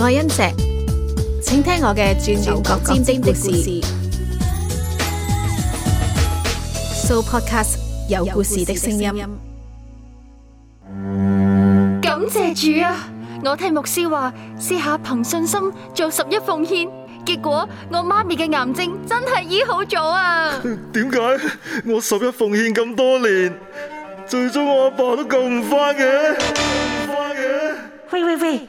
愛恩石，請聽我嘅轉轉角尖尖的故事。So podcast 有故事的聲音。感謝主啊！我聽牧師話，試下憑信心做十一奉獻，結果我媽咪嘅癌症真係醫好咗啊！點解我十一奉獻咁多年，最終我阿爸都救唔翻嘅？救唔翻嘅？喂喂喂！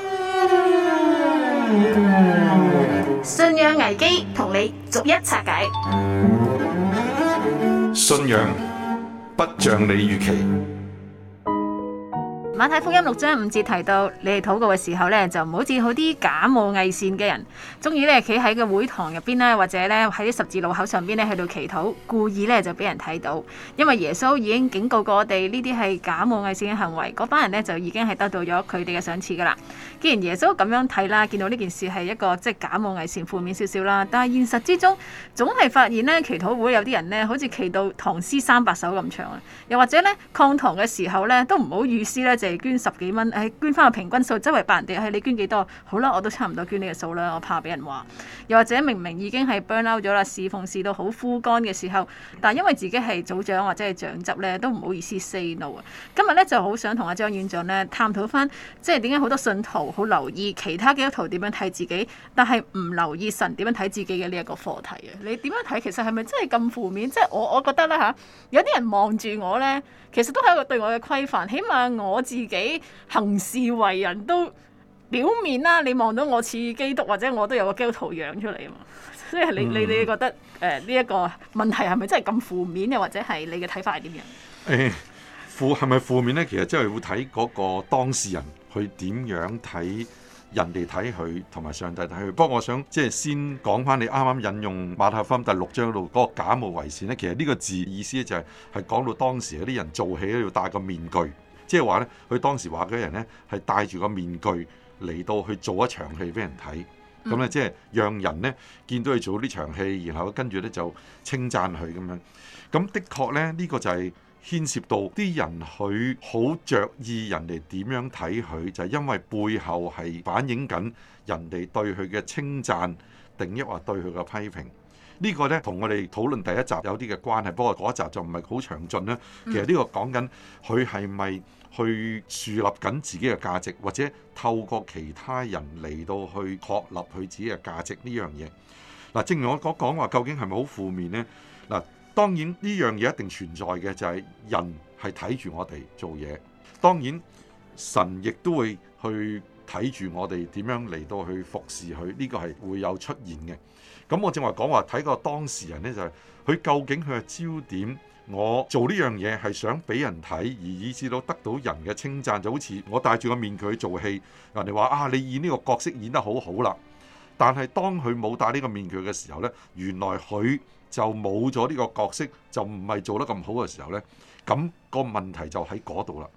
信仰危機同你逐一拆解，信仰不像你預期。馬太福音六章五節提到，你哋禱告嘅時候咧，就唔好似好啲假冒偽善嘅人，中意咧企喺個會堂入邊咧，或者咧喺啲十字路口上邊咧喺度祈禱，故意咧就俾人睇到，因為耶穌已經警告過我哋呢啲係假冒偽善嘅行為，嗰班人咧就已經係得到咗佢哋嘅賞賜噶啦。既然耶穌咁樣睇啦，見到呢件事係一個即係假冒偽善負面少少啦，但係現實之中總係發現咧，祈禱會有啲人咧，好似祈禱唐詩三百首咁長啊，又或者咧，抗唐嘅時候咧，都唔好意思咧就。捐十幾蚊，哎捐翻個平均數，周圍扮人哋，係你捐幾多？好啦，我都差唔多捐呢個數啦，我怕俾人話。又或者明明已經係 burn out 咗啦，侍奉侍到好枯乾嘅時候，但係因為自己係組長或者係長執咧，都唔好意思 say no 啊。今日咧就好想同阿張院長咧探討翻，即係點解好多信徒好留意其他基督徒點樣睇自己，但係唔留意神點樣睇自己嘅呢一個課題啊？你點樣睇？其實係咪真係咁負面？即係我我覺得啦吓，啊，有啲人望住我咧，其實都係一個對我嘅規範，起碼我。自己行事為人都表面啦，你望到我似基督或者我都有個基督徒樣出嚟啊嘛，所以你你、嗯、你覺得誒呢一個問題係咪真係咁負面，又或者係你嘅睇法係點樣？誒、欸，負係咪負面呢，其實真係會睇嗰個當事人去點樣睇人哋睇佢，同埋上帝睇佢。不過我想即係先講翻你啱啱引用馬太福音第六章度嗰、嗰個假冒為善呢其實呢個字意思就係係講到當時有啲人做戲喺度戴個面具。即係話咧，佢當時話嘅人咧係戴住個面具嚟到去做一場戲俾人睇，嗯，咁咧即係讓人咧見到佢做呢場戲，然後跟住咧就稱讚佢咁樣。咁的確咧，呢個就係牽涉到啲人，佢好着意人哋點樣睇佢，就係因為背後係反映緊人哋對佢嘅稱讚，定抑或對佢嘅批評。個呢個咧同我哋討論第一集有啲嘅關係，不過嗰一集就唔係好詳盡啦。其實呢個講緊佢係咪去樹立緊自己嘅價值，或者透過其他人嚟到去確立佢自己嘅價值呢樣嘢？嗱，正如我講講話，究竟係咪好負面呢？嗱，當然呢樣嘢一定存在嘅，就係、是、人係睇住我哋做嘢。當然神亦都會去睇住我哋點樣嚟到去服侍佢，呢、這個係會有出現嘅。咁我正話講話睇個當事人呢，就係、係、佢究竟佢嘅焦點。我做呢樣嘢係想俾人睇，而以至到得，得到人嘅稱讚，就好似我戴住個面具去做戲，人哋話啊，你演呢個角色演得好好啦。但係當佢冇戴呢個面具嘅時候呢，原來佢就冇咗呢個角色，就唔係做得咁好嘅時候呢。咁、嗰個問題就喺嗰度啦，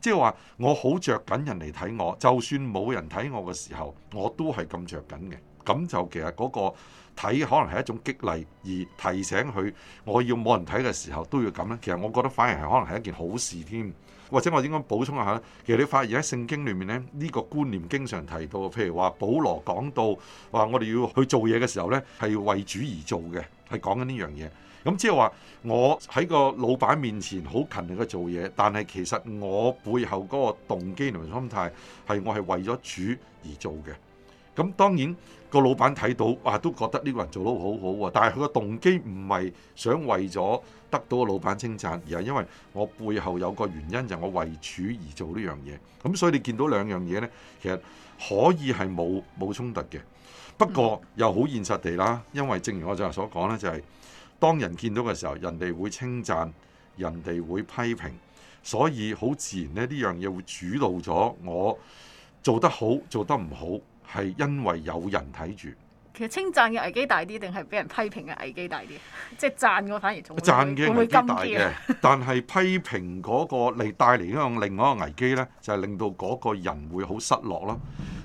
即係話我好着緊人嚟睇我，就算冇人睇我嘅時候，我都係咁着緊嘅。咁就其實嗰、嗰個。睇可能係一種激勵，而提醒佢我要冇人睇嘅時候都要咁咧。其實我覺得反而係可能係一件好事添，或者我應該補充一下。其實你發現喺聖經裏面咧，呢個觀念經常提到，譬如話保羅講到話我哋要去做嘢嘅時候咧，係為主而做嘅，係講緊呢樣嘢。咁即係話我喺個老闆面前好勤力嘅做嘢，但係其實我背後嗰個動機同埋心態係我係為咗主而做嘅。咁當然個老闆睇到，啊都覺得呢個人做得好好喎。但係佢個動機唔係想為咗得到個老闆稱讚，而係因為我背後有個原因，就係我為主而做呢樣嘢。咁所以你見到兩樣嘢呢，其實可以係冇冇衝突嘅。不過又好現實地啦，因為正如我早頭所講呢，就係、是、當人見到嘅時候，人哋會稱讚，人哋會批評，所以好自然呢，呢樣嘢會主導咗我做得好，做得唔好。係因為有人睇住。其實稱讚嘅危機大啲，定係俾人批評嘅危機大啲？即係讚嘅反而仲會，會，會，會金嘅， 但係批評嗰個嚟帶嚟一個另外一個危機咧，就係、是、令到嗰個人會好失落咯，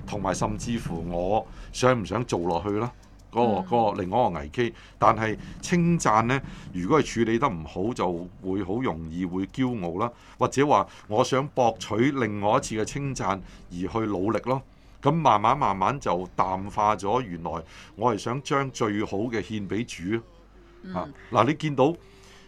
同埋甚至乎我想唔想做落去啦？嗰、那個那個另外一個危機。但係稱讚咧，如果係處理得唔好，就會好容易會驕傲啦，或者話我想博取另外一次嘅稱讚而去努力咯。咁慢慢慢慢就淡化咗，原來我係想將最好嘅獻俾主啊！嗱，你見到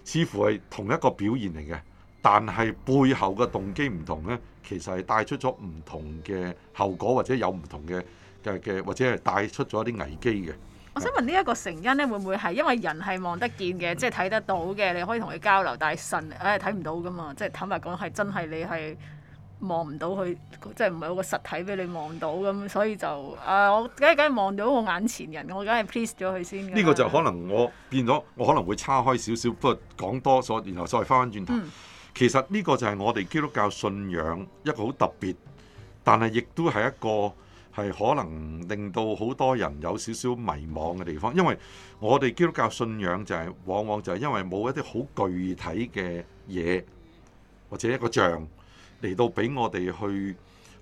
似乎係同一個表現嚟嘅，但係背後嘅動機唔同呢，其實係帶出咗唔同嘅後果，或者有唔同嘅嘅嘅，或者係帶出咗一啲危機嘅。我想問呢一個成因呢，會唔會係因為人係望得見嘅，即係睇得到嘅，你可以同佢交流，但係神誒睇唔到噶嘛？即係坦白講，係真係你係。望唔到佢，即係唔係有個實體俾你望到咁，所以就啊，我梗係梗係望到我眼前人，我梗係 please 咗佢先。呢個就可能我變咗，我可能會岔開少少，不過講多所，然後再翻翻轉頭。嗯、其實呢個就係我哋基督教信仰一個好特別，但係亦都係一個係可能令到好多人有少少迷惘嘅地方，因為我哋基督教信仰就係、是、往往就係因為冇一啲好具體嘅嘢，或者一個像。嚟到俾我哋去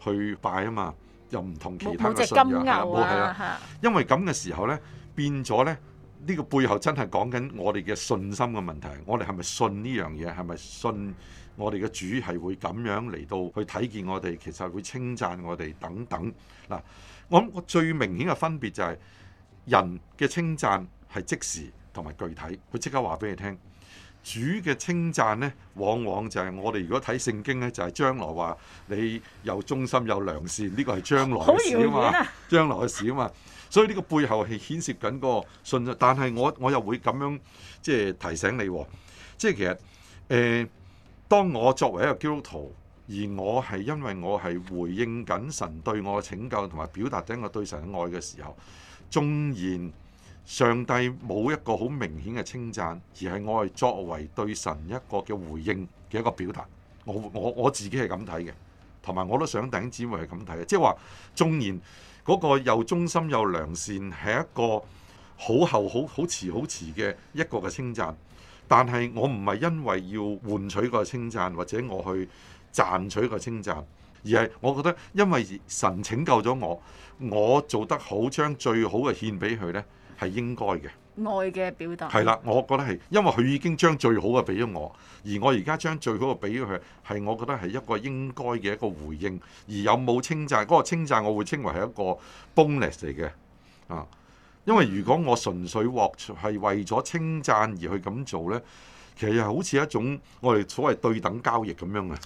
去拜啊嘛，又唔同其他嘅信仰。冇隻金牛啊，因為咁嘅時候呢，變咗呢，呢個背後真係講緊我哋嘅信心嘅問題。我哋係咪信呢樣嘢？係咪信我哋嘅主係會咁樣嚟到去睇見我哋？其實會稱讚我哋等等嗱。我諗我最明顯嘅分別就係，人嘅稱讚係即時同埋具體，佢即刻話俾你聽。主嘅稱讚呢，往往就係我哋如果睇聖經呢，就係、是、將來話你有忠心有良善，呢個係將來嘅事啊嘛，將來嘅事啊嘛。所以呢個背後係牽涉緊個信。但係我我又會咁樣即係、就是、提醒你、哦，即、就、係、是、其實誒、呃，當我作為一個基督徒，而我係因為我係回應緊神對我嘅拯救，同埋表達緊我對神嘅愛嘅時候，縱然。上帝冇一個好明顯嘅稱讚，而係我係作為對神一個嘅回應嘅一個表達。我我我自己係咁睇嘅，同埋我都想頂子維係咁睇嘅，即係話縱然嗰個又忠心又良善係一個好厚好好遲好遲嘅一個嘅稱讚，但係我唔係因為要換取個稱讚或者我去賺取個稱讚，而係我覺得因為神拯救咗我，我做得好，將最好嘅獻俾佢呢。係應該嘅愛嘅表達係啦，我覺得係因為佢已經將最好嘅俾咗我，而我而家將最好嘅俾咗佢，係我覺得係一個應該嘅一個回應。而有冇稱讚嗰個稱讚，我會稱為係一個 bonus 嚟嘅啊！因為如果我純粹獲係為咗稱讚而去咁做呢，其實好似一種我哋所謂對等交易咁樣嘅。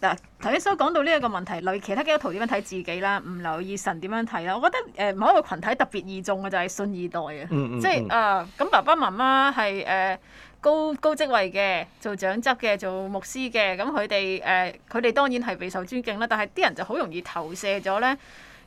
嗱，頭先所講到呢一個問題，留意其他基督徒點樣睇自己啦，唔留意神點樣睇啦。我覺得誒，某一個群體特別易中嘅就係、是、信二代嘅，嗯嗯嗯即係啊，咁爸爸媽媽係誒、啊、高高職位嘅，做長執嘅，做牧師嘅，咁佢哋誒，佢、啊、哋當然係備受尊敬啦。但係啲人就好容易投射咗咧。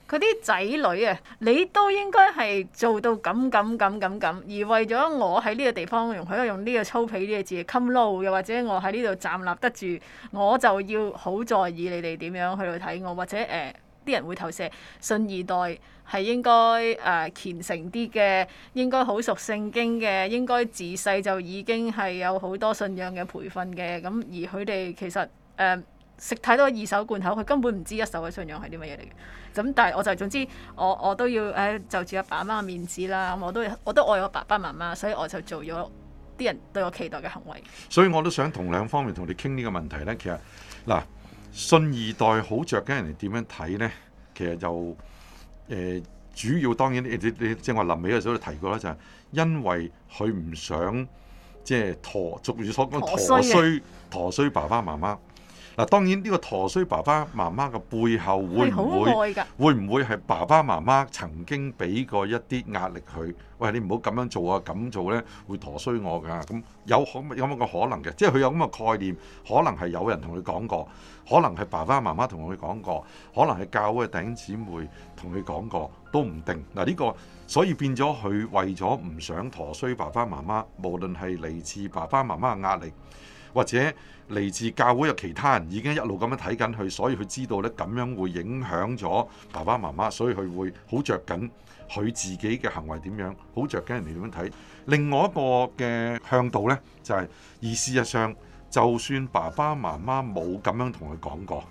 佢啲仔女啊，你都應該係做到咁咁咁咁咁。而為咗我喺呢個地方用，可以用呢個粗鄙啲嘅字，冚 𠺕 嘅，又或者我喺呢度站立得住，我就要好在意你哋點樣去到睇我，或者誒啲、呃、人會投射信二代係應該誒、呃、虔誠啲嘅，應該好熟聖經嘅，應該自細就已經係有好多信仰嘅培訓嘅，咁而佢哋其實誒。呃食太多二手罐頭，佢根本唔知一手嘅信仰係啲乜嘢嚟嘅。咁但係我就總之，我我都要誒，就住阿爸媽嘅面子啦。我都我都愛我爸爸媽媽，所以我就做咗啲人對我期待嘅行為。所以我都想同兩方面同你傾呢個問題咧。其實嗱，信二代好着緊人哋點樣睇咧。其實就誒、呃、主要當然你你正話臨尾嘅時候都提過啦，就係、是、因為佢唔想即係、就是、陀俗語所講陀衰陀衰爸爸媽媽。嗱，當然呢個陀衰爸爸媽媽嘅背後會唔會係好愛㗎。會唔會係爸爸媽媽曾經俾過一啲壓力佢？喂，你唔好咁樣做啊！咁做呢、啊、會陀衰我㗎、啊。咁有可有咁嘅可能嘅？即係佢有咁嘅概念，可能係有人同佢講過，可能係爸爸媽媽同佢講過，可能係教會頂姊妹同佢講過，都唔定。嗱呢、呢個所以變咗佢為咗唔想陀衰爸爸媽媽，無論係嚟自爸爸媽媽嘅壓力，或者嚟自教會嘅其他人已經一路咁樣睇緊佢，所以佢知道呢咁樣會影響咗爸爸媽媽，所以佢會好着緊佢自己嘅行為點樣，好着緊人哋點樣睇。另外一個嘅向度呢，就係而事實上，就算爸爸媽媽冇咁樣同佢講過，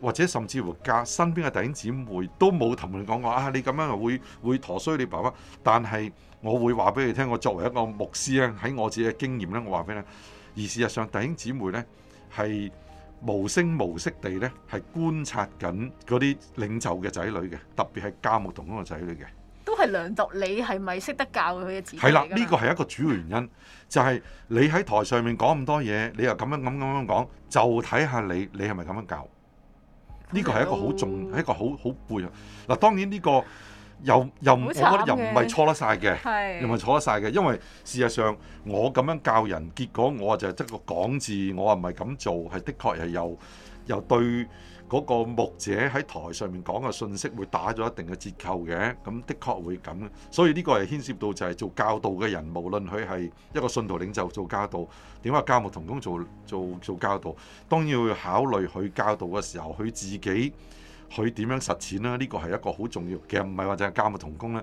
或者甚至乎隔身邊嘅弟兄姊妹都冇同佢講過啊，你咁樣會會陀衰你爸爸。但係我會話俾你聽，我作為一個牧師咧，喺我自己嘅經驗呢，我話俾你。而事實上，弟兄姊妹咧係無聲無息地咧係觀察緊嗰啲領袖嘅仔女嘅，特別係教牧同嗰個仔女嘅，都係量度你係咪識得教佢嘅子女。係啦，呢個係一個主要原因，就係你喺台上面講咁多嘢，你又咁樣咁咁樣講，就睇下你你係咪咁樣教。呢個係一個好重，係一個好好背啊！嗱，當然呢個。又又，我覺得又唔係錯得晒嘅，又唔係錯得晒嘅，因為事實上我咁樣教人，結果我話就係得個講字，我話唔係咁做，係的確係又又對嗰個牧者喺台上面講嘅信息會打咗一定嘅折扣嘅，咁的確會咁，所以呢個係牽涉到就係做教導嘅人，無論佢係一個信徒領袖做教導，點解教牧同工做做做教導，當然要考慮佢教導嘅時候，佢自己。佢點樣實踐啦、啊？呢、這個係一個好重要，其實唔係話淨係教牧同工咧。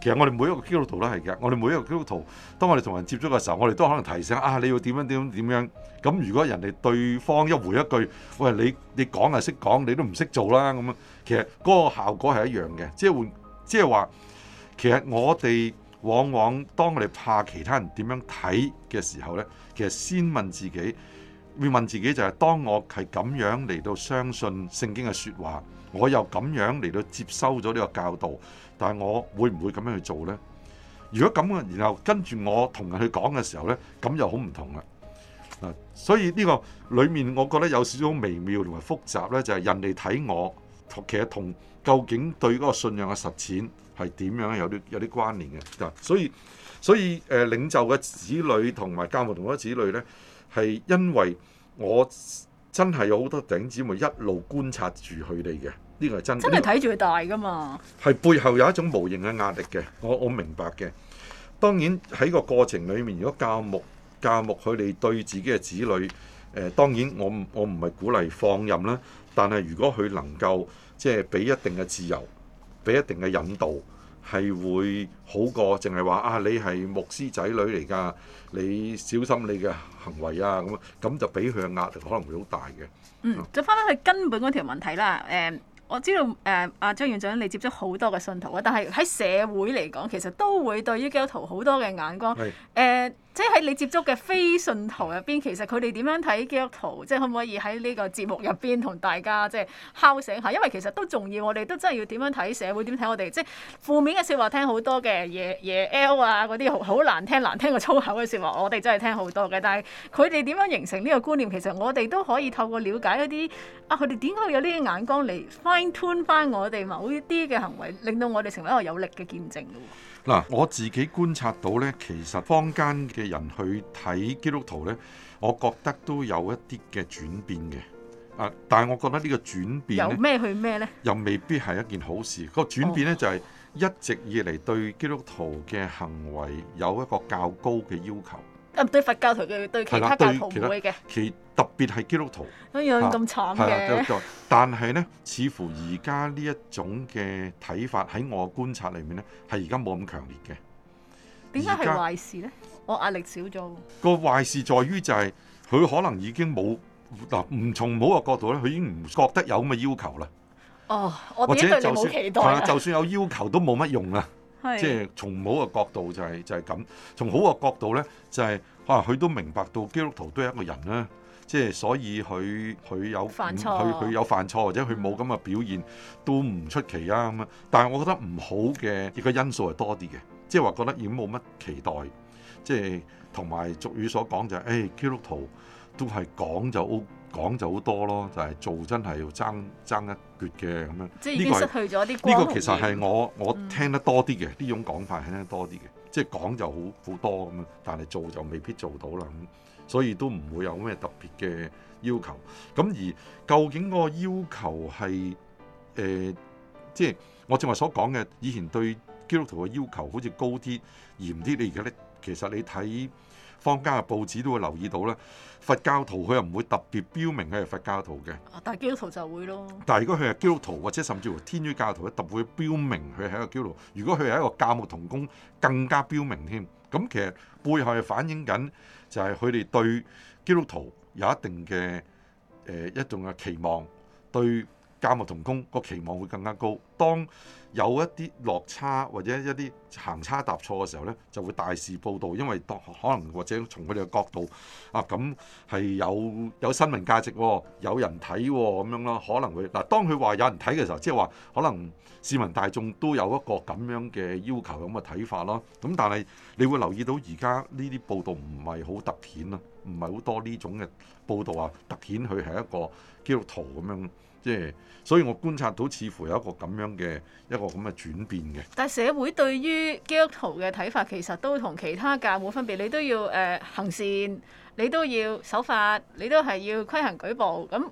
其實我哋每一個基督徒都係嘅。我哋每一個基督徒，當我哋同人接觸嘅時候，我哋都可能提醒啊，你要點樣點樣點樣。咁、啊、如果人哋對方一回一句，喂，你你講係識講，你都唔識做啦咁樣、嗯。其實嗰個效果係一樣嘅，即換即係話，其實我哋往往當我哋怕其他人點樣睇嘅時候咧，其實先問自己。會問自己就係、是，當我係咁樣嚟到相信聖經嘅說話，我又咁樣嚟到接收咗呢個教導，但係我會唔會咁樣去做呢？如果咁樣，然後跟住我同人去講嘅時候呢，咁又好唔同啦。所以呢個裏面，我覺得有少少微妙同埋複雜呢，就係、是，人哋睇我，其實同究竟對嗰個信仰嘅實踐係點樣有啲有啲關聯嘅。所以所以誒，領袖嘅子女同埋教牧同工嘅子女呢。係因為我真係有好多頂子女，我一路觀察住佢哋嘅，呢個係真。真係睇住佢大㗎嘛？係背後有一種無形嘅壓力嘅，我我明白嘅。當然喺個過程裡面，如果教牧教牧佢哋對自己嘅子女，呃，誒當然我我唔係鼓勵放任啦，但係如果佢能夠即係俾一定嘅自由，俾一定嘅引導。係會好過，淨係話啊，你係牧師仔女嚟㗎，你小心你嘅行為啊咁，咁就俾佢嘅壓力可能會好大嘅。嗯，嗯再翻返去根本嗰條問題啦。誒、呃，我知道誒阿、呃、張院長你接咗好多嘅信徒啊，但係喺社會嚟講，其實都會對於基督徒好多嘅眼光。係。誒即係喺你接觸嘅非信徒入邊，其實佢哋點樣睇基督徒？即係可唔可以喺呢個節目入邊同大家即係敲醒下？因為其實都重要，我哋都真係要點樣睇社會，點睇我哋？即係負面嘅説話聽好多嘅嘢嘢 L 啊，嗰啲好難聽、難聽過粗口嘅説話，我哋真係聽好多嘅。但係佢哋點樣形成呢個觀念？其實我哋都可以透過了解一啲啊，佢哋點解會有呢啲眼光嚟 fine tune 翻我哋某啲嘅行為，令到我哋成為一個有力嘅見證。嗱，我自己觀察到咧，其實坊間嘅人去睇基督徒咧，我覺得都有一啲嘅轉變嘅。啊，但係我覺得個轉呢個轉變咧，由咩去咩咧？又未必係一件好事。這個轉變咧就係一直以嚟對基督徒嘅行為有一個較高嘅要求。唔對佛教徒嘅對其他教徒會嘅，其特別係基督徒。點解咁慘嘅、啊？但係咧，似乎而家呢一種嘅睇法喺我觀察裏面咧，係而家冇咁強烈嘅。點解係壞事咧？我壓力少咗。個壞事在於就係、是、佢可能已經冇嗱，唔從某個角度咧，佢已經唔覺得有咁嘅要求啦。哦，我對你冇期待或者就算係、 啊，就算有要求都冇乜用啦。是即係從唔好嘅角度就係、是、就係、是、咁，從好嘅角度咧就係、是、啊，佢都明白到基督徒都係一個人啦，即係所以佢佢有佢佢錯有犯錯或者佢冇咁嘅表現都唔出奇啊，咁樣。但係我覺得唔好嘅一個因素係多啲嘅，即係話覺得已經冇乜期待，即係同埋俗語所講就係、是、誒、哎，基督徒都係講就 O。講就好多咯，就係、是、做真係要爭爭一決嘅咁樣。即係已經失去咗啲光榮嘅。呢個其實係我我聽得多啲嘅，呢、嗯、種講法聽得多啲嘅。即係講就好好多咁樣，但係做就未必做到啦。咁所以都唔會有咩特別嘅要求。咁而究竟個要求係誒、呃，即係我正話所講嘅，以前對基督徒嘅要求好似高啲嚴啲，你而家咧其實你睇。坊間嘅報紙都會留意到咧，佛教徒佢又唔會特別標明佢係佛教徒嘅、啊。但係基督徒就會咯。但係如果佢係基督徒或者甚至乎天主教徒咧，特別標明佢係一個基督徒。如果佢係一個教牧同工，更加標明添。咁其實背後係反映緊就係佢哋對基督徒有一定嘅誒、呃、一種嘅期望對。教牧同工個期望會更加高。當有一啲落差或者一啲行差踏錯嘅時候呢，就會大肆報導，因為當可能或者從佢哋嘅角度啊，咁係有有新聞價值、哦，有人睇咁、哦、樣咯，可能會嗱。當佢話有人睇嘅時候，即係話可能市民大眾都有一個咁樣嘅要求咁嘅睇法咯。咁但係你會留意到而家呢啲報導唔係好突顯咯，唔係好多呢種嘅報導呀，突顯佢係一個基督徒咁樣。即所以我觀察到似乎有一個咁樣嘅一個咁嘅轉變嘅。但係社會對於基督徒嘅睇法，其實都同其他教冇分別。你都要誒、呃、行善，你都要守法，你都係要規行矩步。咁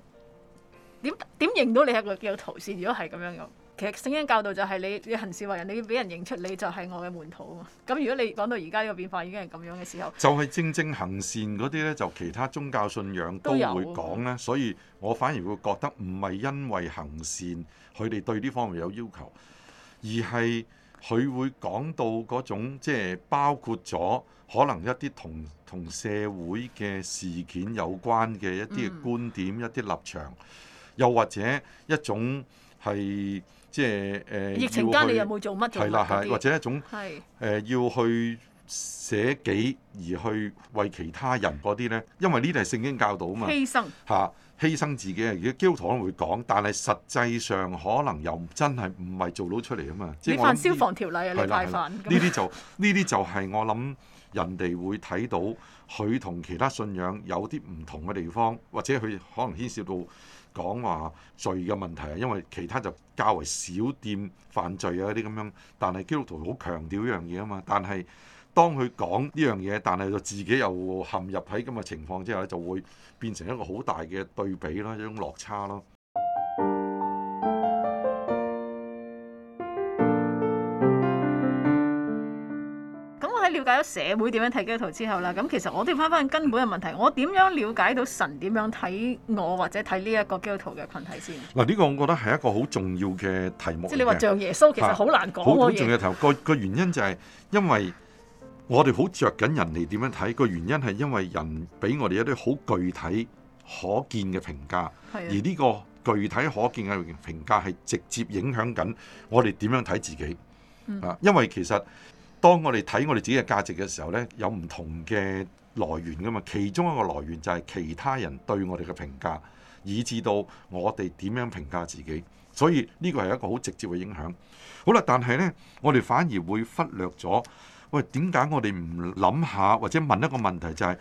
點點認到你係個基督徒先？如果係咁樣咁。其實聖經教導就係你你行善為人，你要俾人認出你就係我嘅門徒啊！咁 如果你講到而家呢個變化已經係咁樣嘅時候，就係正正行善嗰啲咧，就其他宗教信仰都會講咧，所以我反而會覺得唔係因為行善佢哋對呢方面有要求，而係佢會講到嗰種即係、就是、包括咗可能一啲同同社會嘅事件有關嘅一啲觀點、嗯、一啲立場，又或者一種係。即係誒，疫情間你有冇做乜做嗰啲？係啦，或者一種誒，要去捨己而去為其他人嗰啲咧，因為呢啲係聖經教導啊嘛。犧牲嚇，犧牲自己啊！而家基督徒可能會講，但係實際上可能又真係唔係做到出嚟啊嘛。你犯消防條例啊？你快犯！呢啲的的就呢、是、啲 就係我諗人哋會睇到佢同其他信仰有啲唔同嘅地方，或者佢可能牽涉到。講話罪嘅問題啊，因為其他就較為少掂犯罪啊啲咁樣，但係基督徒好強調呢樣嘢啊嘛。但係當佢講呢樣嘢，但係就自己又陷入喺咁嘅情況之下咧，就會變成一個好大嘅對比咯，一種落差咯。解咗社會點樣睇基督徒之後啦，咁其實我哋翻翻根本嘅問題，我點樣了解到神點樣睇我或者睇呢一個基督徒嘅群體先？嗱，呢個我覺得係一個好重要嘅題，題目。即係你話像耶穌，其實好難講。好重要嘅題目，個個原因就係因為我哋好着緊人哋點樣睇，個原因係因為人俾我哋一啲好具體可見嘅評價，是的 而呢個具體可見嘅評價係直接影響緊我哋點樣睇自己啊！嗯、因為其實當我哋睇我哋自己嘅價值嘅時候呢，有唔同嘅來源噶嘛？其中一個來源就係其他人對我哋嘅評價，以至到我哋點樣評價自己。所以呢個係一個好直接嘅影響。好啦，但係呢，我哋反而會忽略咗，喂，點解我哋唔諗下或者問一個問題，就係，就係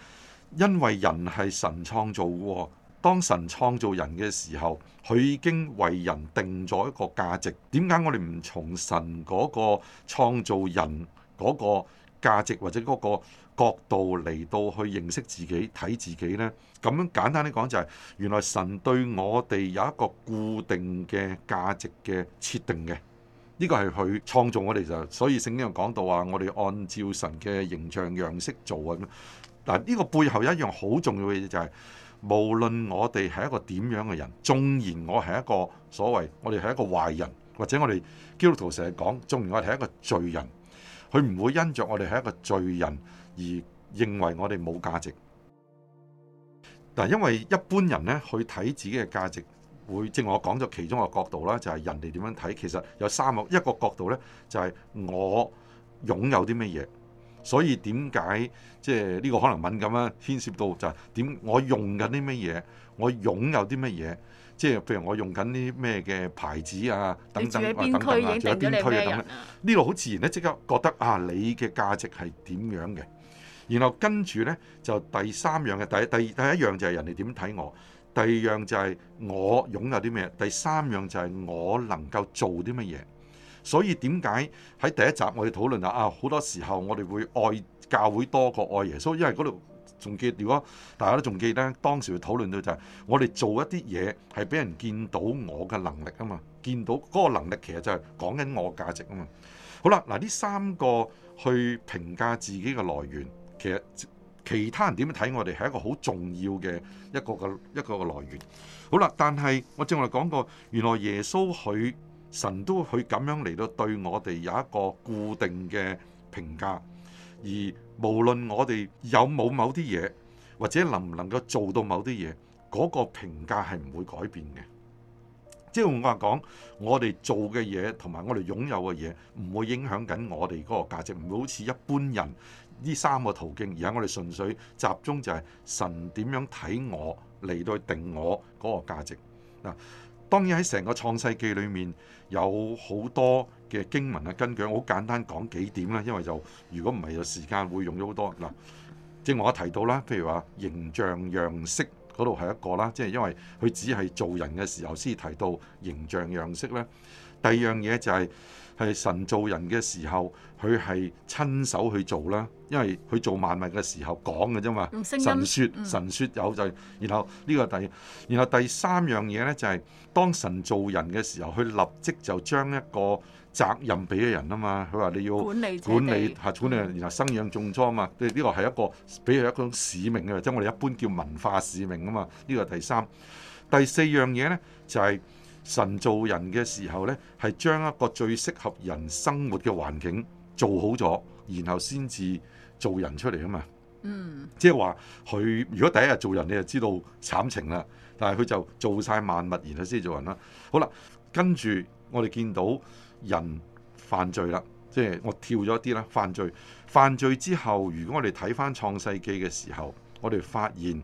因為人係神創造嘅，當神創造人嘅時候，佢已經為人定咗一個價值。點解我哋唔從神嗰個創造人？嗰個價值或者嗰個角度嚟到去認識自己、睇自己呢，咁樣簡單啲講就係，原來神對我哋有一個固定嘅價值嘅設定嘅。呢個係佢創造我哋就，所以聖經又講到話，我哋按照神嘅形象樣式做啊。嗱，呢個背後有一樣好重要嘅嘢，就係，無論我哋係一個點樣嘅人，縱然我係一個所謂我哋係一個壞人，或者我哋基督徒成日講，縱然我係一個罪人。佢唔會因着我哋係一個罪人而認為我哋冇價值。但因為一般人咧去睇自己嘅價值，會即我講咗其中一個角度啦，就係、是、人哋點樣睇。其實有三個一個角度咧，就係、是、我擁有啲乜嘢，所以點解即係呢個可能敏感咧？牽涉到就係、是、點我用緊啲乜嘢，我擁有啲乜嘢。即係譬如我用緊啲咩嘅牌子啊，等等啊，等等邊區啊，等等。呢度好自然咧，即刻覺得啊，你嘅價值係點樣嘅？然後跟住咧，就第三樣嘅，第第第一樣就係人哋點睇我，第二樣就係我擁有啲咩，第三樣就係我能夠做啲乜嘢。所以點解喺第一集我哋討論下，啊，好多時候我哋會愛教會多過愛耶穌，因為嗰度。仲記得？如果大家都仲記得當時會討論到就係我哋做一啲嘢係俾人見到我嘅能力啊嘛，見到嗰個能力其實就係講緊我價值啊嘛。好啦，嗱，呢三個去評價自己嘅來源，其實其他人點樣睇我哋係一個好重要嘅一個嘅一個嘅來源。好啦，但係我正話講過，原來耶穌佢神都佢咁樣嚟到對我哋有一個固定嘅評價而。無論我哋有冇某啲嘢，或者能唔能夠做到某啲嘢，嗰個評價係唔會改變嘅。即係用我話講，我哋做嘅嘢同埋我哋擁有嘅嘢，唔會影響緊我哋嗰個價值，唔會好似一般人呢三個途徑。而家我哋純粹集中就係神點樣睇我嚟到定我嗰個價值嗱。當然喺成個創世記裏面有好多嘅經文嘅根據，我好簡單講幾點啦，因為就如果唔係有時間會用咗好多嗱。正如我一提到啦，譬如話形象樣式嗰度係一個啦，即係因為佢只係做人嘅時候先提到形象樣式啦。第二樣嘢就係、是。係神做人嘅時候，佢係親手去做啦，因為佢做萬物嘅時候講嘅啫嘛。神説神説有就，然後呢個第，然後第三樣嘢咧就係、是、當神做人嘅時候，佢立即就將一個責任俾咗人啊嘛。佢話你要管理管理係管理，管理嗯、然後生養眾多嘛。即、這、呢個係一個，比如一種使命嘅，即、就、係、是、我哋一般叫文化使命啊嘛。呢、這個第三，第四樣嘢咧就係、是。神做人嘅時候呢，係將一個最適合人生活嘅環境做好咗，然後先至做人出嚟啊嘛。即係話佢如果第一日做人，你就知道慘情啦。但係佢就做晒萬物，然後先做人啦。好啦，跟住我哋見到人犯罪啦，即係我跳咗一啲啦，犯罪。犯罪之後，如果我哋睇返創世記嘅時候，我哋發現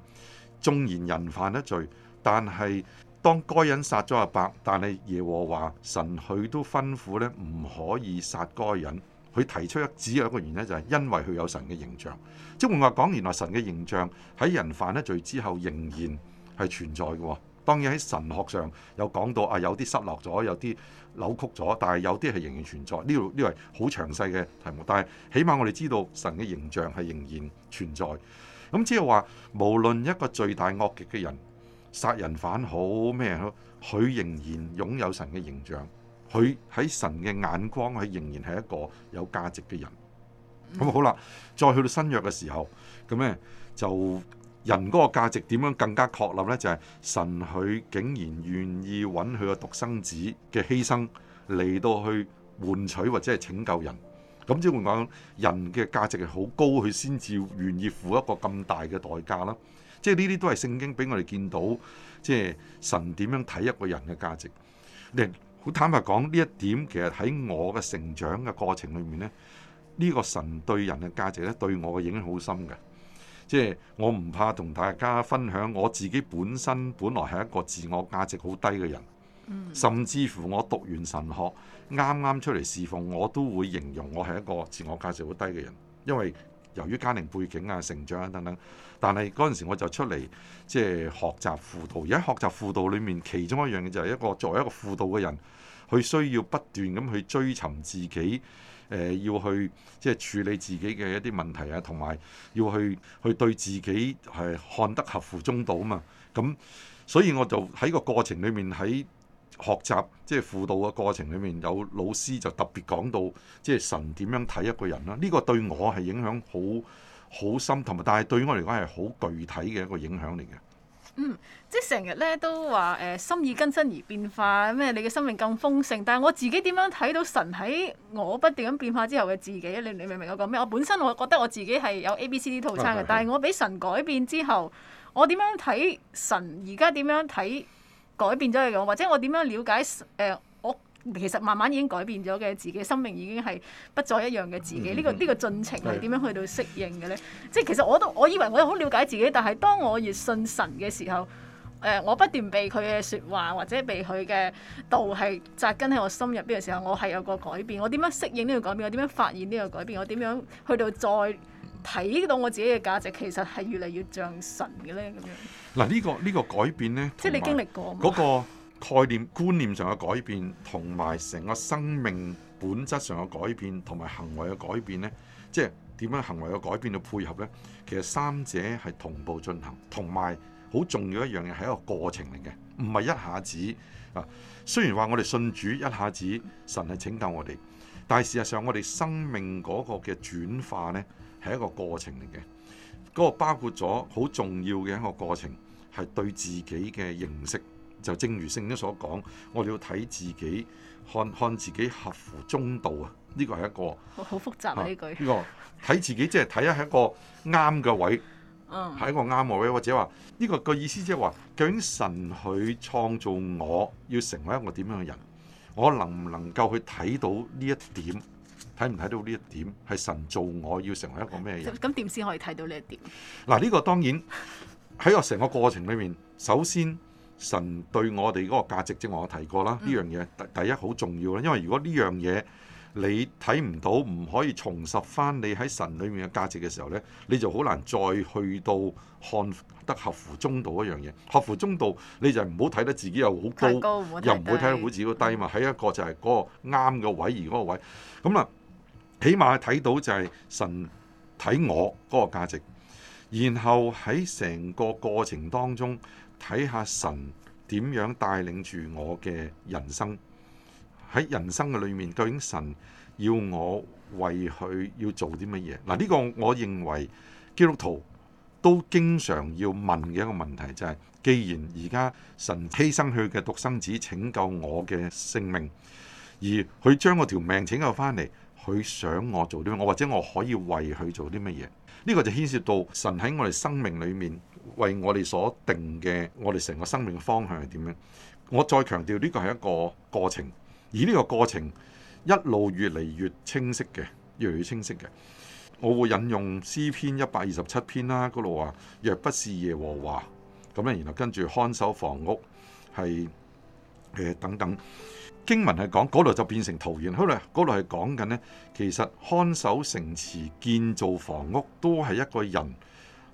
縱然人犯咗罪，但係當該隱殺咗亞伯，但係耶和華神佢都吩咐咧唔可以殺該隱。佢提出一只有一個原因就係因為佢有神嘅形象。即係換句話講，原來神嘅形象喺人犯呢罪之後仍然係存在嘅。當然喺神學上有講到啊，有啲失落咗，有啲扭曲咗，但係有啲係仍然存在。呢度呢個係好詳細嘅題目，但係起碼我哋知道神嘅形象係仍然存在。咁即係話，無論一個罪大惡極嘅人。殺人犯好咩？佢仍然擁有神嘅形象，佢喺神嘅眼光，佢仍然係一個有價值嘅人。咁、嗯、好啦，再去到新約嘅時候，咁咧就人嗰個價值點樣更加確立呢？就係、是、神佢竟然願意揾佢個獨生子嘅犧牲嚟到去換取或者係拯救人。咁即係換講，人嘅價值係好高，佢先至願意付一個咁大嘅代價啦。即係呢啲都係聖經俾我哋見到，即係神點樣睇一個人嘅價值。嚟好坦白講，呢一點其實喺我嘅成長嘅過程裏面咧，呢、呢個神對人嘅價值咧，對我嘅影響好深嘅。即係我唔怕同大家分享，我自己本身本來係一個自我價值好低嘅人，甚至乎我讀完神學，啱啱出嚟侍奉，我都會形容我係一個自我價值好低嘅人，因為，由於家庭背景啊、成長啊等等，但係嗰陣時我就出嚟即係學習輔導，而喺學習輔導裡面，其中一樣嘅就係一個作為一個輔導嘅人，佢需要不斷咁去追尋自己，誒、呃、要去即係、就是、處理自己嘅一啲問題啊，同埋要去去對自己係看得合乎中道嘛，咁所以我就喺個過程裡面喺。學習即係輔導嘅過程裏面，有老師就特別講到，即係神點樣睇一個人啦。呢、呢個對我係影響好好深，同埋但係對於我嚟講係好具體嘅一個影響嚟嘅、嗯。即係成日咧都話誒、呃、心意更新而變化，咩你嘅生命更豐盛。但係我自己點樣睇到神喺我不斷咁變化之後嘅自己？你你明唔明我講咩？我本身我覺得我自己係有 A、B、C、D 套餐嘅，係係係係但係我俾神改變之後，我點樣睇神？而家點樣睇？改變咗嘅樣，或者我點樣了解？誒、呃，我其實慢慢已經改變咗嘅自己，生命已經係不再一樣嘅自己。呢、這個呢、這個進程係點樣去到適應嘅呢？ 即係其實我都我以為我好了解自己，但係當我越信神嘅時候，誒、呃，我不斷被佢嘅説話或者被佢嘅道係扎根喺我心入邊嘅時候，我係有個改變。我點樣適應呢個改變？我點樣發現呢個改變？我點樣去到再？睇到我自己嘅價值，其實係越嚟越像神嘅咧。咁樣嗱，呢個呢個改變呢，和 即係你經歷過嗰個概念、觀念上嘅改變，同埋成個生命本質上嘅改變，同埋行為嘅改變呢，即係點樣行為嘅改變去配合呢？其實三者係同步進行，同埋好重要一樣嘢係一個過程嚟嘅，唔係一下子啊。雖然話我哋信主一下子，神係拯救我哋，但係事實上我哋生命嗰個嘅轉化呢，係一個過程嚟嘅，嗰、那個包括咗好重要嘅一個過程，係對自己嘅認識。就正如聖經所講，我哋要睇自己，看看自己合乎中道、這個、啊！呢、啊這個係 一個好複雜呢句。呢個睇自己即係睇喺一個啱嘅位，喺一個啱嘅位，或者話呢、這個個意思即係話，究竟神去創造我要成為一個點樣嘅人，我能唔能夠去睇到呢一點？睇唔睇到呢一點，係神造我要成為一個咩人？咁點先可以睇到呢一點？嗱、啊，呢、這個當然喺我成個過程裏面，首先神對我哋嗰個價值，即、就是、我提過啦，呢樣嘢第第一好重要啦。因為如果呢樣嘢你睇唔到，唔可以重拾翻你喺神裏面嘅價值嘅時候咧，你就好難再去到看得合乎中道一樣嘢。合乎中道，你就唔好睇得自己又好高，嗯、又唔好睇得自己好低嘛。喺、嗯、一個就係嗰個啱嘅位，而嗰個位咁啦。起碼睇到就係神睇我嗰個價值，然後喺成個過程當中睇下神點樣帶領住我嘅人生。喺人生嘅裏面，究竟，神要我為佢要做啲乜嘢？嗱，呢個我認為基督徒都經常要問嘅一個問題，就係：既然而家神犧牲佢嘅獨生子，拯救我嘅性命，而佢將我條命拯救翻嚟。佢想我做啲乜？我或者我可以為佢做啲乜嘢？呢個就牽涉到神喺我哋生命裏面為我哋所定嘅，我哋成個生命嘅方向係點樣。我再強調，呢個係一個過程，而呢個過程一路越嚟越清晰嘅，越嚟越清晰嘅。我會引用詩篇一百二十七篇啦，嗰度話若不是耶和華，咁樣，然後跟住看守房屋係誒等等。經文係講嗰度就變成徒然，後來嗰度係講緊呢，其實看守城池、建造房屋都係一個人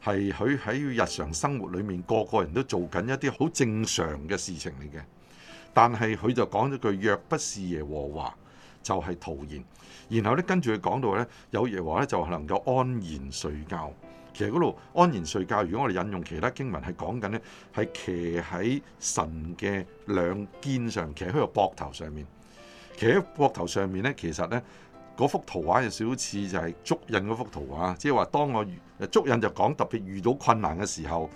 係佢喺日常生活裏面個個人都做緊一啲好正常嘅事情嚟嘅，但係佢就講咗句若不是耶和華，就係徒然。」然後呢，跟住佢講到呢，有耶和華呢，就能夠安然睡覺。其實嗰度安然睡覺。如果我哋引用其他經文係講緊呢，係騎喺神嘅兩肩上，騎喺個膊頭上面。騎喺膊頭上面呢，其實呢，嗰幅圖畫有少似就係足印嗰幅圖畫。即係話，當我足印就講特別遇到困難嘅時候，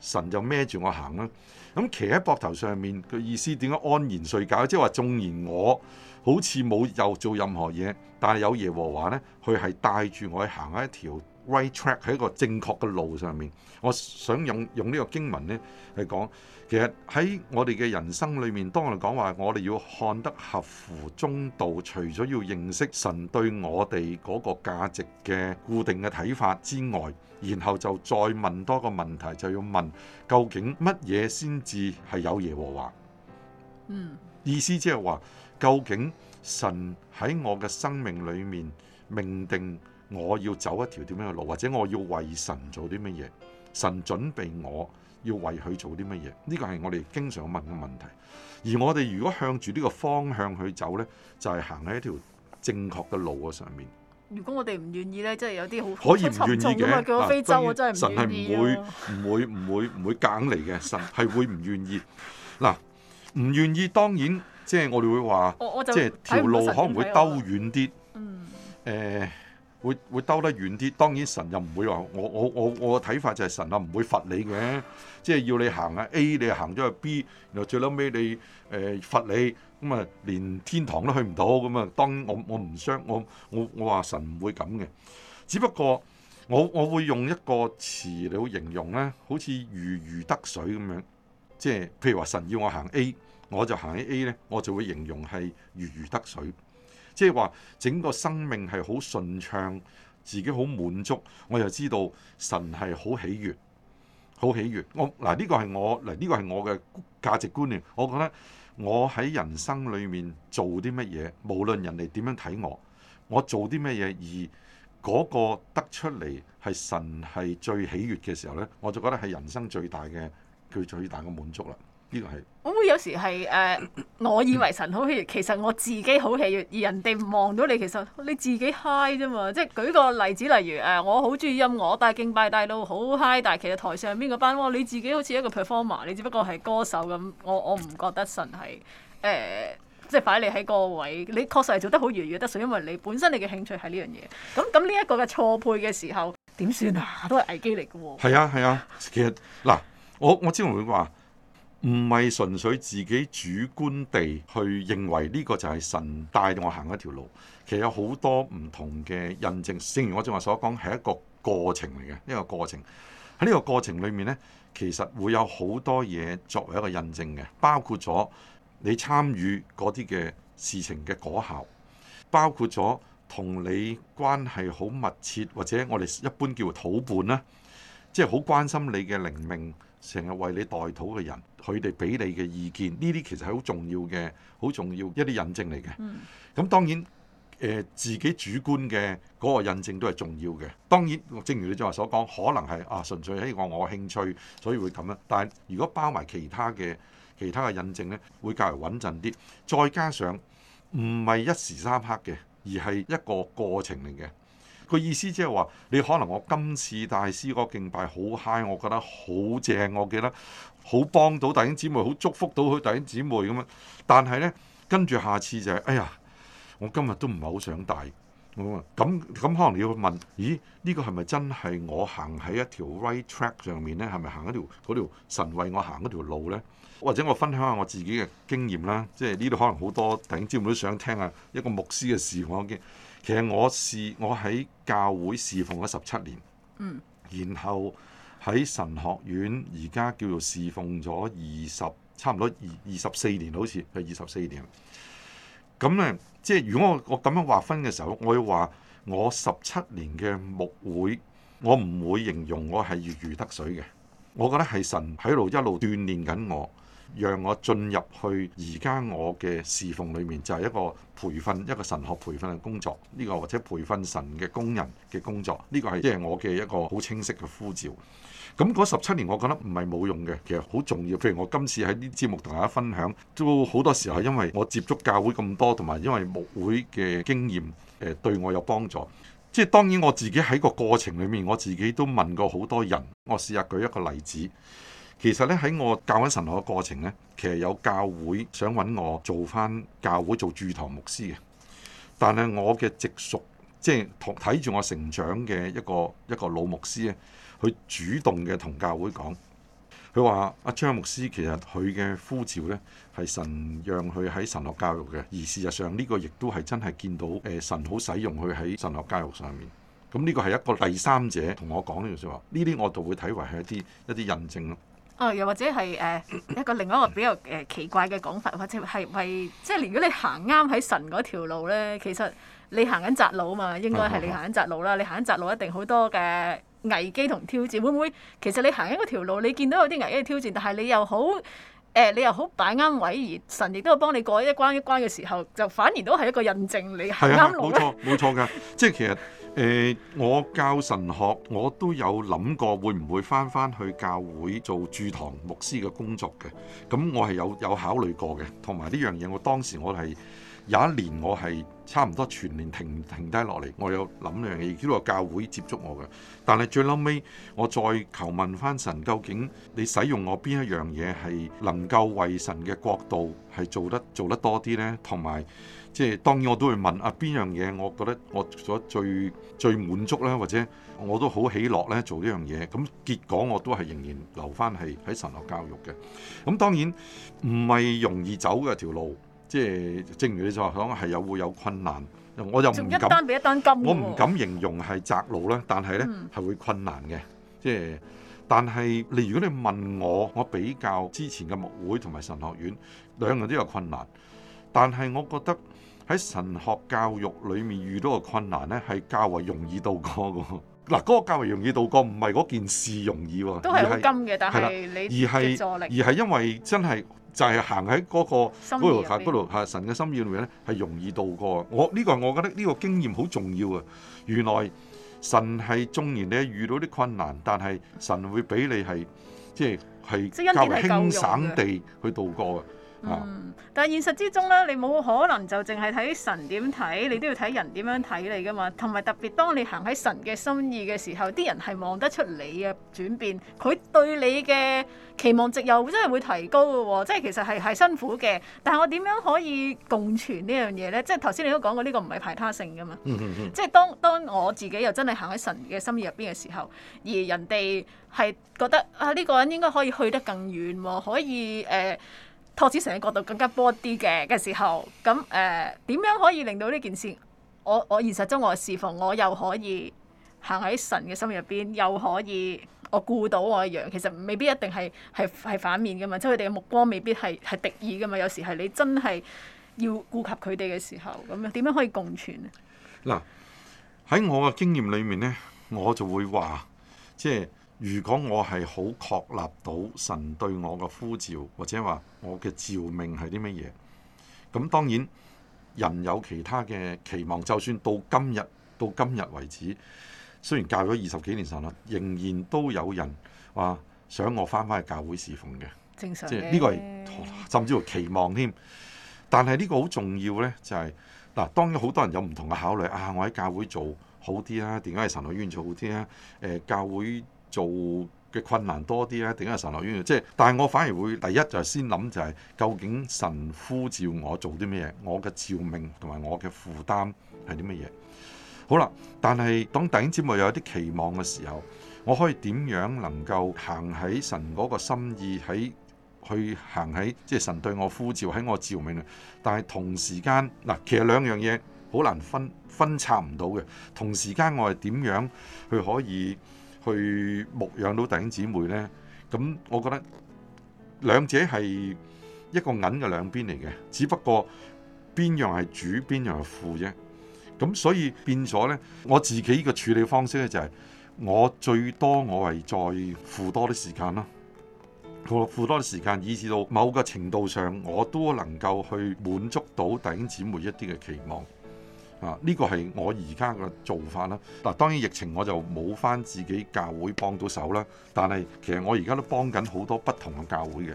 神就孭住我行啦。咁騎喺膊頭上面嘅意思點解安然睡覺？即係話，縱然我好似冇又做任何嘢，但係有耶和華呢，佢係帶住我行一條。Right track 喺一個正確嘅路上面，我想用用呢個經文咧，係講，其實喺我哋嘅人生裏面，當我哋講話，我哋要看得合乎中道，除咗要認識神對我哋嗰個價值嘅固定嘅睇法之外，然後就再問多個問題，就要問究竟乜嘢先至係有耶和華？嗯，意思即係話，究竟神喺我嘅生命裏面命定？我要走一條點樣嘅路，或者我要為神做啲乜嘢？神準備我要為佢做啲乜嘢？呢個係我哋經常問嘅問題。而我哋如果向住呢個方向去走呢，就係行喺一條正確嘅路嘅上面。如果我哋唔願意呢，即係有啲好可以唔願意嘅。非洲、呃、我真係唔願意。神係唔會唔 會唔會唔會揀嚟嘅。神係會唔願意嗱？唔願意、呃、當然即係我哋會話，即係條路可唔會兜遠啲？嗯，嗯會會兜得遠啲，當然神又唔會話我我我我嘅睇法就係神啊唔會罰你嘅，即係要你行下 A，你就行咗去 B，然後最撈尾你誒罰你，咁、呃、啊、嗯、連天堂都去唔到，咁啊當我我唔相我我我話神唔會咁嘅，只不過我我會用一個詞嚟形容咧，好似如魚得水咁樣，即係譬如話神要我行 A，我就行喺 A 咧，我就會形容係如魚得水。即係話整個生命係好順暢，自己好滿足，我又知道神係好喜悅，好喜悅。我嗱呢、這個係我嗱呢、這個係我嘅價值觀念。我覺得我喺人生裏面做啲乜嘢，無論人哋點樣睇我，我做啲乜嘢，而嗰個得出嚟係神係最喜悅嘅時候咧，我就覺得係人生最大嘅佢最大嘅滿足啦。呢個係我會有時係誒、呃，我以為神好喜悅，其實我自己好喜悅，而人哋望到你，其實你自己 high 啫嘛。即係舉個例子，例如誒、呃，我好中意音樂，但係敬拜帶到好 high，但係其實台上邊嗰班，哇，你自己好似一個 performer，你只不過係歌手咁。我我唔覺得神係誒、呃，即係擺你喺個位，你確實係做得好如魚得水，因為你本身你嘅興趣係呢樣嘢。咁咁呢一個嘅錯配嘅時候點算啊？都係危機嚟嘅喎。係啊係啊，其實嗱，我我之前會話。唔係純粹自己主觀地去認為呢個就係神帶我行一條路，其實有好多唔同嘅印證。正如我正話所講，係一個過程嚟嘅，呢個過程喺呢個過程裏面呢，其實會有好多嘢作為一個印證嘅，包括咗你參與嗰啲嘅事情嘅果效，包括咗同你關係好密切或者我哋一般叫做禱伴啦，即係好關心你嘅靈命。成日為你代禱嘅人，佢哋俾你嘅意見，呢啲其實係好重要嘅，好重要一啲印證嚟嘅。咁當然，誒、呃、自己主觀嘅嗰個印證都係重要嘅。當然，正如你就話所講，可能係啊，純粹係我個興趣，所以會咁樣。但係如果包埋其他嘅其他嘅印證呢，會較為穩陣啲。再加上唔係一時三刻嘅，而係一個過程嚟嘅。個意思即係話，你可能我今次大師個敬拜好嗨，我覺得好正，我記得好幫到弟兄姊妹，好祝福到佢弟兄姊妹咁樣。但係呢，跟住下次就係、是，哎呀，我今日都唔係好想帶我咁咁，嗯、可能你要問，咦？呢個係咪真係我行喺一條 right track 上面呢？係咪行一條嗰條神為我行嗰條路呢？或者我分享下我自己嘅經驗啦。即係呢度可能好多弟兄姊妹都想聽一下一個牧師嘅事，我見。其實我侍我喺教會侍奉咗十七年，然後喺神學院而家叫做侍奉咗二十差唔多二二十四年，好似係二十四年。咁咧，即係如果我我咁樣劃分嘅時候，我會話我十七年嘅牧會，我唔會形容我係如魚得水嘅。我覺得係神喺度一路鍛鍊緊我。讓我進入去而家我嘅侍奉裏面，就係一個培訓、一個神學培訓嘅工作，呢個或者培訓神嘅工人嘅工作，呢個係即係我嘅一個好清晰嘅呼召。咁嗰十七年，我覺得唔係冇用嘅，其實好重要。譬如我今次喺啲節目同大家分享，都好多時候係因為我接觸教會咁多，同埋因為牧會嘅經驗，誒對我有幫助。即係當然我自己喺個過程裏面，我自己都問過好多人。我試下舉一個例子。其實咧，喺我教緊神學嘅過程呢，其實有教會想揾我做返教會做駐堂牧師嘅，但係我嘅直屬即係同睇住我成長嘅一個一個老牧師啊，佢主動嘅同教會講，佢話阿張牧師其實佢嘅呼召呢，係神讓佢喺神學教育嘅，而事實上呢個亦都係真係見到誒神好使用佢喺神學教育上面。咁呢個係一個第三者同我講呢句説話，呢啲我就會睇為係一啲一啲印證咯。啊，又或者係誒、呃、一個另外一個比較誒、呃、奇怪嘅講法，或者係唔係即係如果你行啱喺神嗰條路咧，其實你行緊窄路嘛，應該係你行緊窄路啦。你行緊窄路一定好多嘅危機同挑戰，會唔會？其實你行緊嗰條路，你見到有啲危機挑戰，但係你又好誒、呃，你又好擺啱位，而神亦都幫你過一關一關嘅時候，就反而都係一個印證你行啱路冇、啊、錯，冇 錯㗎，即、就、係、是、其實。誒、呃，我教神學，我都有諗過會唔會翻翻去教會做駐堂牧師嘅工作嘅。咁我係有有考慮過嘅，同埋呢樣嘢，我當時我係有一年，我係差唔多全年停停低落嚟，我有諗兩樣嘢，亦都有教會接觸我嘅。但係最撈尾，我再求問翻神，究竟你使用我邊一樣嘢係能夠為神嘅角度係做得做得多啲呢？同埋。即係當然我都會問啊，邊樣嘢我覺得我所最最滿足咧，或者我都好喜樂咧做呢樣嘢。咁、嗯、結果我都係仍然留翻係喺神學教育嘅。咁、嗯、當然唔係容易走嘅條路。即係正如你所講，係有會有困難。我又唔敢一單俾一單金。我唔敢形容係窄路啦，但係咧係會困難嘅。即係但係你如果你問我，我比較之前嘅牧會同埋神學院兩樣都有困難，但係我覺得。喺神學教育裏面遇到個困難咧，係較為容易度過噶。嗱，嗰個較為容易度過唔係嗰件事容易，都係金嘅，是但係而係而係因為真係就係行喺嗰個嗰度下度下神嘅心意裏面咧，係容易度過。我呢、呢個我覺得呢個經驗好重要啊。原來神係縱然你遇到啲困難，但係神會俾你係即係是係較為輕省地去度過啊。嗯，但係現實之中咧，你冇可能就淨係睇神點睇，你都要睇人點樣睇你噶嘛。同埋特別當你行喺神嘅心意嘅時候，啲人係望得出你嘅轉變，佢對你嘅期望值又真係會提高噶。即係其實係係辛苦嘅，但係我點樣可以共存呢樣嘢咧？即係頭先你都講過呢個唔係排他性噶嘛。 即係當當我自己又真係行喺神嘅心意入邊嘅時候，而人哋係覺得啊呢個人應該可以去得更遠喎，可以誒。呃托住成個角度更加波啲嘅嘅時候，咁誒點樣可以令到呢件事？我我現實中，我侍奉我又可以行喺神嘅心入邊，又可以我顧到我嘅羊。其實未必一定係係係反面嘅嘛，即係佢哋嘅目光未必係係敵意嘅嘛。有時係你真係要顧及佢哋嘅時候，咁樣點樣可以共存呢？嗱喺我嘅經驗裏面呢，我就會話即係。如果我係好確立到神對我嘅呼召，或者話我嘅召命係啲乜嘢，咁當然人有其他嘅期望。就算到今日到今日為止，雖然教咗二十幾年神啦，仍然都有人話想我翻返去教會侍奉嘅。正常，即係呢個係甚至乎期望添。但係呢個好重要呢，就係、是、嗱，當然好多人有唔同嘅考慮啊。我喺教會做好啲啊，點解係神學院做好啲啊？誒，教會。做嘅困難多啲咧，定係神落於？即係，但係我反而會第一就係先諗、就是，就係究竟神呼召我做啲咩？我嘅召命同埋我嘅負擔係啲乜嘢？好啦，但係當第二節目又有啲期望嘅時候，我可以點樣能夠行喺神嗰個心意喺去行喺即係神對我呼召喺我召命？但係同時間嗱，其實兩樣嘢好難分分拆唔到嘅。同時間我係點樣去可以？去牧養到弟兄姊妹呢，咁我覺得兩者係一個銀嘅兩邊嚟嘅，只不過邊樣係主，邊樣係副啫。咁所以變咗呢，我自己嘅個處理方式呢、就是，就係我最多我係再付多啲時間囉，我付多啲時間，以至到某個程度上，我都能夠去滿足到弟兄姊妹一啲嘅期望。啊！呢、這個係我而家嘅做法啦。嗱、啊，當然疫情我就冇返自己教會幫到手啦。但係其實我而家都幫緊好多不同嘅教會嘅，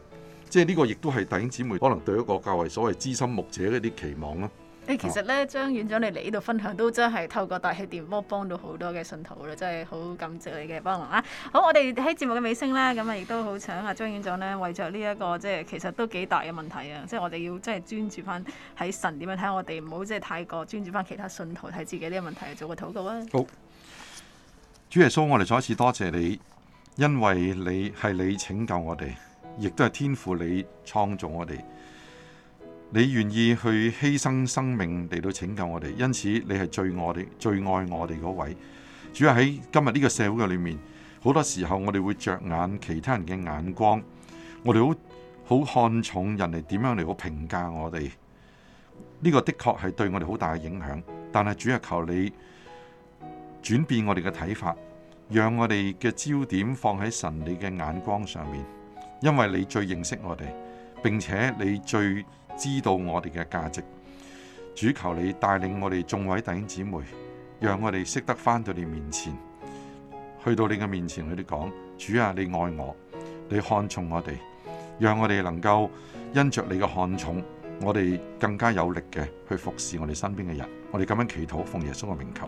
即係呢個亦都係弟兄姊妹可能對一個教會所謂知心牧者一啲期望啦。其實咧，張院長你嚟呢度分享都真係透過大氣電波幫到好多嘅信徒啦，真係好感謝你嘅幫忙啦、啊。好，我哋喺節目嘅尾聲啦，咁啊，亦都好想啊，張院長咧，為著呢一個即係其實都幾大嘅問題啊，即係我哋要真係專注翻喺神點樣睇我哋，唔好即係太過專注翻其他信徒睇自己呢個問題，做個禱告啊。好，主耶穌，我哋再一次多謝你，因為你係你拯救我哋，亦都係天父你創造我哋。你願意去犧牲生命嚟到拯救我哋，因此你係最愛我哋、最愛我哋嗰位主。要喺今日呢個社會嘅裏面，好多時候我哋會着眼其他人嘅眼光，我哋好好看重人哋點樣嚟好評價我哋。呢個的確係對我哋好大嘅影響，但係主啊，求你轉變我哋嘅睇法，讓我哋嘅焦點放喺神你嘅眼光上面，因為你最認識我哋，並且你最知道我哋嘅價值，主求你帶領我哋眾位弟兄姊妹，讓我哋識得翻到你面前，去到你嘅面前，你哋講：主啊，你愛我，你看重我哋，讓我哋能夠因着你嘅看重，我哋更加有力嘅去服侍我哋身邊嘅人。我哋咁樣祈禱，奉耶穌嘅名求，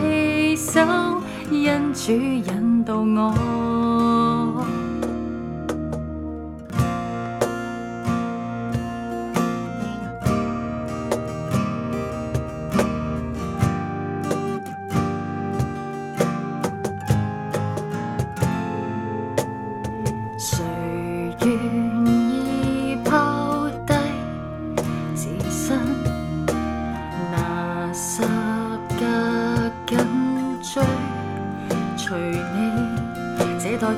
因主引導我，誰願？